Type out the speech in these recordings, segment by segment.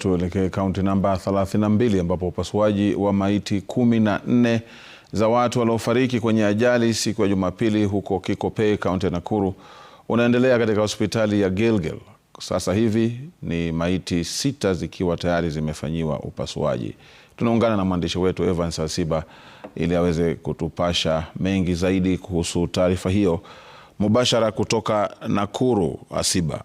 Tuelekee kaunti namba 32 ambapo upasuaji wa maiti kumi na nne za watu waliofariki kwenye ajali siku ya Jumapili huko Kikopey, kaunti ya Nakuru unaendelea katika hospitali ya Gilgil. Sasa hivi ni maiti sita zikiwa tayari zimefanyiwa upasuaji. Tunaungana na mwandishi wetu Evans Asiba ili aweze kutupasha mengi zaidi kuhusu taarifa hiyo mubashara kutoka Nakuru. Asiba.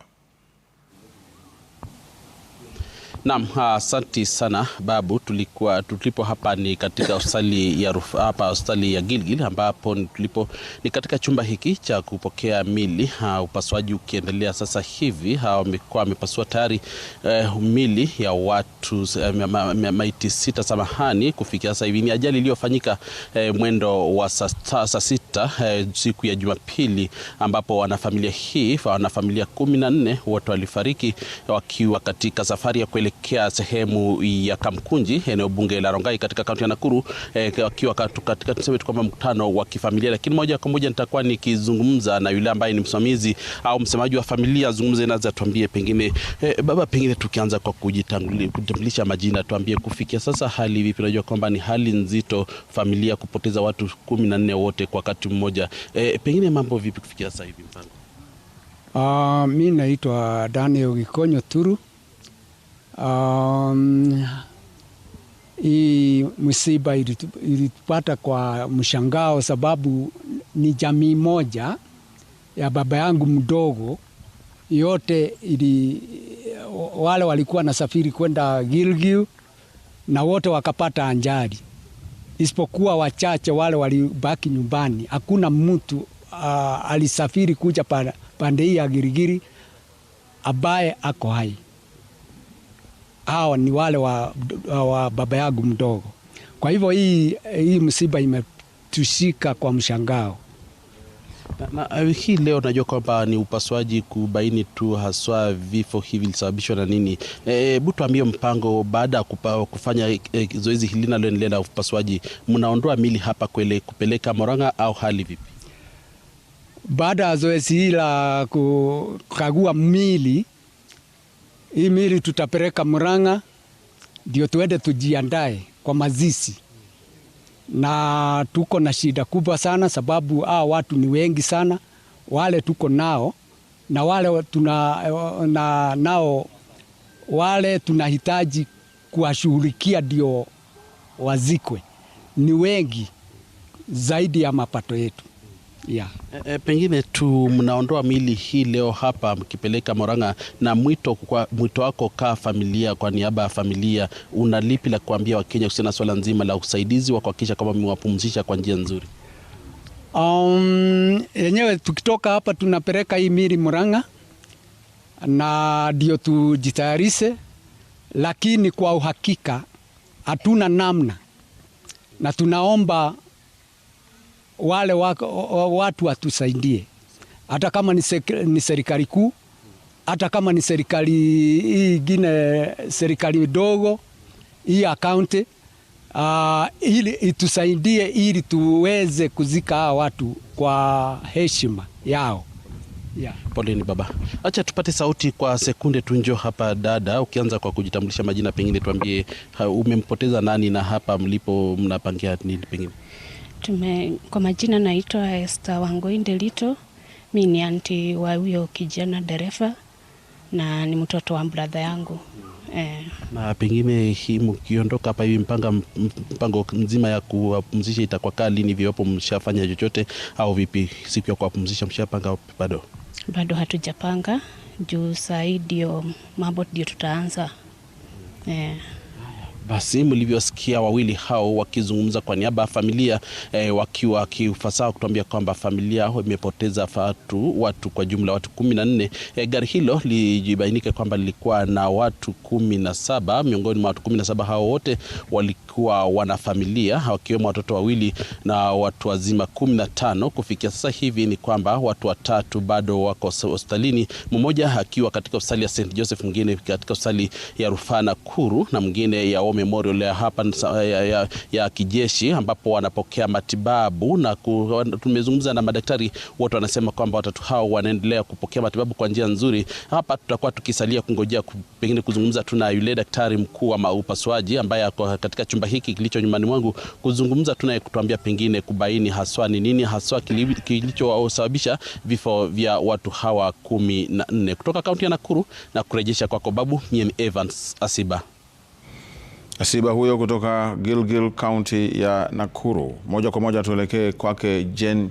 Naam, asanti sana Babu. Tulikuwa tulipo hapa ni katika hospitali ya rufa, hapa hospitali ya Gilgil ambapo tulipo ni katika chumba hiki cha kupokea mili uh, upasuaji ukiendelea sasa hivi wamekuwa wamepasua tayari uh, mili ya watu eh, ma, ma, maiti sita samahani, kufikia sasa hivi. Ni ajali iliyofanyika uh, mwendo wa saa sita uh, siku ya Jumapili ambapo wanafamilia hii wanafamilia kumi na nne wote walifariki wakiwa katika safari ya kwele katika sehemu ya Kamkunji, eneo bunge la Rongai katika kaunti ya Nakuru, wakiwa eh, katika tuseme tu kwamba mkutano wa kifamilia, lakini moja kwa moja nitakuwa nikizungumza na yule ambaye ni msimamizi au msemaji wa familia Zungumze naza, tuambie pengine eh, baba, pengine tukianza kwa kujitambulisha majina, tuambie kufikia sasa hali vipi? Najua kwamba ni hali nzito, familia kupoteza watu kumi na nne wote kwa wakati mmoja, eh, pengine mambo vipi kufikia sasa hivi mpango? Uh, mi naitwa Daniel Gikonyo Turu. Um, hii msiba ilitupata kwa mshangao, sababu ni jamii moja ya baba yangu mdogo yote ili, wale walikuwa nasafiri kwenda Gilgil na wote wakapata anjari isipokuwa wachache wale walibaki nyumbani. Hakuna mtu uh, alisafiri kuja pande hii ya Girigiri ambaye ako hai hawa ni wale wa, wa baba yangu mdogo. Kwa hivyo hii, hii msiba imetushika kwa mshangao. Na, na eh, hii leo najua kwamba ni upasuaji kubaini tu haswa vifo hivi vilisababishwa na nini. Eh, hebu tuambie mpango baada ya kufanya e, zoezi hili linaloendelea la upasuaji, mnaondoa mili hapa kwele kupeleka moranga au hali vipi? Baada ya zoezi hili la kukagua mili hii mili tutapeleka Murang'a ndio tuende tujiandae kwa mazishi, na tuko na shida kubwa sana sababu hao watu ni wengi sana, wale tuko nao na wale tuna, na, nao wale tunahitaji kuwashughulikia ndio wazikwe, ni wengi zaidi ya mapato yetu. Yeah. E, pengine tu mnaondoa mili hii leo hapa mkipeleka Murang'a, na mwito kwa mwito wako kaa familia, kwa niaba ya familia, una lipi la kuambia Wakenya kuhusiana na swala nzima la usaidizi wa kuhakikisha kwamba mmewapumzisha kwa njia nzuri? Um, yenyewe tukitoka hapa tunapeleka hii mili Murang'a na ndio tujitayarishe, lakini kwa uhakika hatuna namna na tunaomba wale wako, watu watusaidie, hata kama ni serikali kuu, hata kama ni serikali hii ingine, serikali dogo hii ya kaunti uh, ah, ili itusaidie ili tuweze kuzika hawa watu kwa heshima yao. Yeah. Poleni baba, acha tupate sauti kwa sekunde tu. Njoo hapa dada, ukianza kwa kujitambulisha majina, pengine tuambie umempoteza nani na hapa mlipo mnapangia nini pengine Tume, kwa majina naitwa Esther Wangoi Ndelito. Mi ni anti wa huyo kijana dereva na ni mtoto wa brother yangu eh. Na pengine hii mkiondoka hapa hivi mpanga mpango mzima ya kuwapumzisha itakuwa kali ni viwapo, mshafanya chochote au vipi? Siku ya kuwapumzisha mshapanga bado? Bado hatujapanga juu saa hii ndio mambo ndio tutaanza eh. Basi mlivyosikia wawili hao wakizungumza kwa niaba ya familia eh, wakiwa kiufasaha kutuambia kwamba familia imepoteza watu watu kwa jumla watu kumi na nne. Eh, gari hilo lijibainike kwamba lilikuwa na watu kumi na saba. Miongoni mwa watu kumi na saba hao wote walikuwa wanafamilia wakiwemo watoto wawili na watu wazima kumi na tano. Kufikia sasa hivi ni kwamba watu watatu bado wako hospitalini, mmoja akiwa katika hospitali ya St Joseph, mwingine katika hospitali ya rufaa Nakuru na mwingine ya Memorial ya hapa ya, ya, ya kijeshi ambapo wanapokea matibabu na ku, tumezungumza na madaktari wote wanasema kwamba watatu hao wanaendelea kupokea matibabu kwa njia nzuri. Hapa tutakuwa tukisalia kungojea pengine kuzungumza tu na yule daktari mkuu wa upasuaji ambaye ako katika chumba hiki kilicho nyumbani mwangu, kuzungumza tu naye kutuambia pengine kubaini haswa ni nini haswa kilichosababisha vifo vya watu hawa kumi na nne kutoka kaunti ya Nakuru na kurejesha kwako Babu. Mimi Evans Asiba. Asiba huyo kutoka Gilgil County ya Nakuru. Moja kwa moja tuelekee kwake Jen